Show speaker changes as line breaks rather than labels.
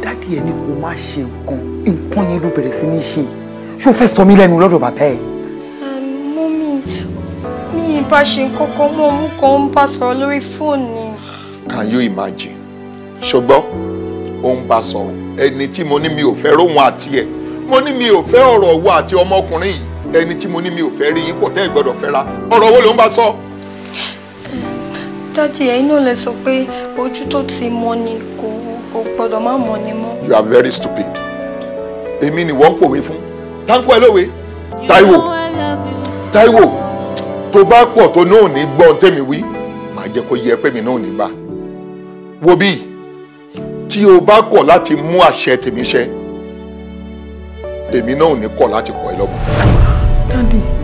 dádì ẹ ní kó má ṣe nǹkan nǹkan yẹn ló bẹ̀rẹ̀ sí ní ṣe ṣé o fẹ́ sọ mí lẹ́nu lọ́dọ̀ bàbá ẹ̀.
mọ́mí mi ì bá ṣe kankan mọ́ òun kan ń bá
sọ̀rọ̀ lórí fóònù ni.
can you imagine ṣùgbọ́n ó ń bá sọ̀rọ̀ ẹni tí mo ní mi ò fẹ́ róhun àti ẹ̀ mo ní mi ò fẹ́ ọ̀rọ̀ owó àti ọmọkùnrin yìí ẹni tí mo ní mi ò fẹ́ rí yín pọ̀ tẹ́ ẹ̀ gbọ́dọ̀ fẹ́ra ọ̀rọ̀ owó ló ń bá sọ.
dádì ẹ̀yin náà lè sọ pé ojú tó ti mọ ni kò w you
are very stupid èmi ni wọ́n ń pòwe fún táǹkọ́ ẹ lówe Táíwò Táíwò tó bá pọ̀ tó náà ní gbọ́n tèmi wí màá ko kó yẹ pé mi náà ní bá wo bí tí o bá kọ̀ láti mú àṣẹ tèmi ṣẹ èmi náà ò ní kọ̀ láti kọ̀ ẹ́